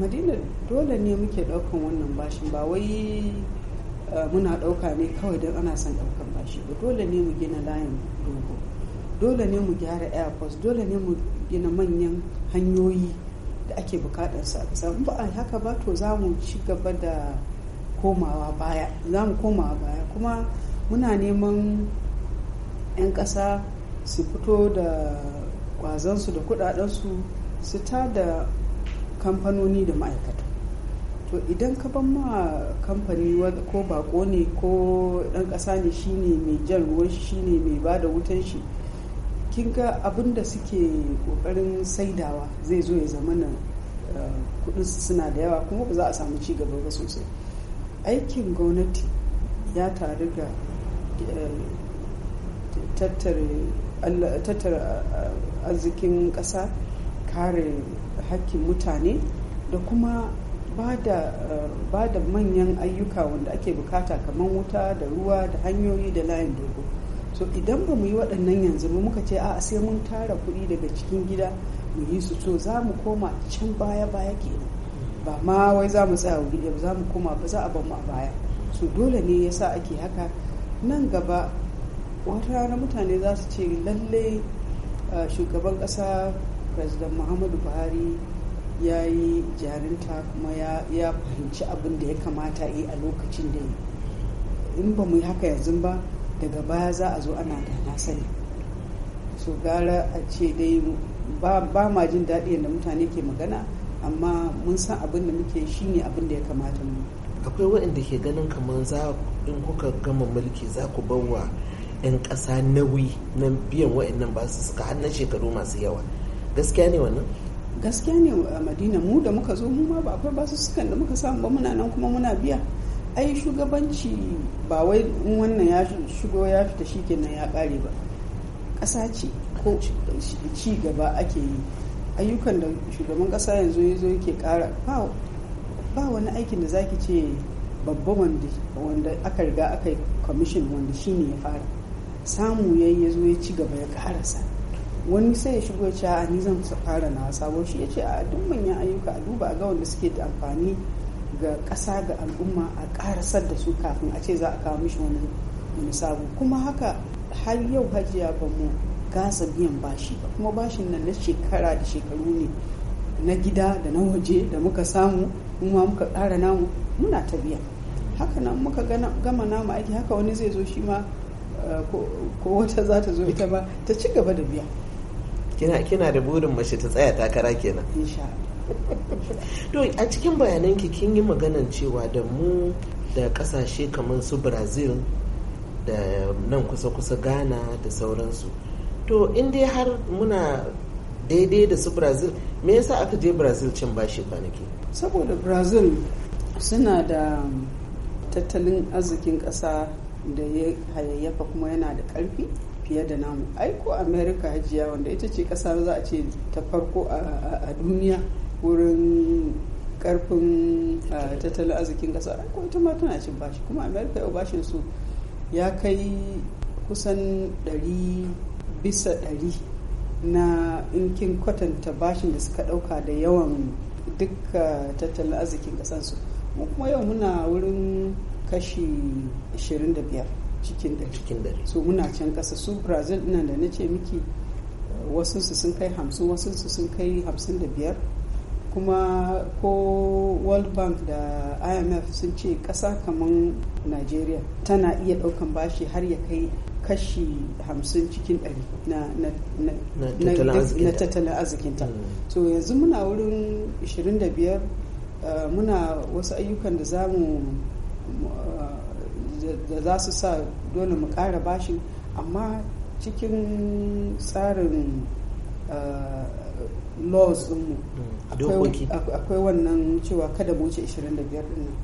madina dole ne muke ɗaukan wannan bashin ba wai eh, muna ɗauka ne kawai don ana son ɗaukan bashi ba dole ne mu gina layin dogo dole ne mu gyara airports dole ne mu gina manyan hanyoyi da ake bukatar su a ba a haka ba to za mu ci gaba da komawa baya za mu komawa baya kuma muna neman 'yan kasa su fito da kwazansu da kudadensu su ta da kamfanoni da ma'aikata to idan ka ban ma kamfani ko bako ne ko ɗan ƙasa ne shine mai jan ruwan shi shine mai ba da wutan shi kin ga abin da suke ƙoƙarin saidawa zai zo ya zama na eh, su suna da yawa kuma ba za a samu ci gaba ba sosai aikin gwamnati ya taru ga eh, tattara eh, arzikin ƙasa kare hakkin mutane da kuma eh, ba da manyan ayyuka wanda ake bukata kamar wuta da ruwa da hanyoyi da layin dogo so idan ba mu yi waɗannan yanzu ba muka ce a sai mun tara kuɗi daga cikin gida mu yi su to za mu koma can baya-baya nan ba ma wai za mu tsaya wuri ba za mu koma ba za a ban mu a baya so dole ne yasa ake haka nan gaba wata rana mutane za su ce lallai eh, shugaban ƙasa president muhammadu buhari ya yi jarinta kuma ya fahimci abin da ya kamata yi a lokacin da in ba mu yi haka yanzu ba daga baya za a zo ana da na sani so gara a ce dai ba ma jin daɗi da mutane ke magana amma mun san abin da muke shi ne abin da ya kamata mu akwai waɗanda ke ganin kamar za in kuka gama mulki za ku bawa 'yan ƙasa nauyi na biyan waɗannan ba su suka har na shekaru masu yawa gaskiya ne wannan gaskiya ne a madina mu da muka zo mu ma ba akwai basu sukan da muka samu ba muna nan kuma muna biya ai shugabanci ba wai in wannan ya shigo ya fita shi kenan ya kare ba ƙasa ce ko ci gaba ake yi ayyukan da shugaban ƙasa yanzu ya zo yake ƙara ba wani aikin da zaki ce babba wanda aka riga aka yi kwamishin wanda shine ya fara samu ya yi ya zo ya ci gaba ya ƙarasa wani sai ya shigo ya a ni zan fara na sabo shi ya ce a duk manyan ayyuka a duba ga wanda suke da amfani ga ƙasa ga al'umma a ƙarasar da su kafin a ce za a kawo mishi wani wani kuma haka har yau hajiya ba mu gasa biyan bashi ba kuma bashin nan na shekara da shekaru ne na gida da na waje da muka samu kuma muka ƙara namu muna ta biya haka nan muka gama namu aiki haka wani zai zo shi ma eh, ko wata za ta zo ita ba ta ci gaba da biya kina kina da burin mace ta tsaya takara kenan to a cikin bayanan ki kin yi maganan cewa da mu da kasashe kamar su brazil da nan kusa-kusa ghana da sauransu to in dai har muna daidai da su brazil me yasa aka je brazil cin bashi kwanaki saboda brazil suna da tattalin arzikin ƙasa da ya hayayyafa kuma yana da ƙarfi fiye da namu aiko america hajiya wanda ita ce kasa za a ce ta farko a duniya wurin karfin tattalin arzikin kasa aiko ita ma tana cin bashi kuma america yau bashin su ya kai kusan 100 bisa 100 na inkin kwatanta bashin da suka dauka da yawan duka tattalin arzikin kasansu mu kuma yau muna wurin kashi 25 cikin dare so muna can kasa su brazil ina da nace ce miki eh, wasu su sun kai hamsin wasu su sun kai hamsin da biyar kuma ko world bank da imf sun ce kasa kamar nigeria tana iya ɗaukan bashi har ya kai kashi hamsin cikin dare na tattalin arzikinta mm. so yanzu muna wurin 25 eh, muna wasu ayyukan da za mu eh, da za su sa dole mu ƙara bashi amma cikin tsarin eh, laws dinmu mm, akwai wannan cewa kada mu wuce 25 din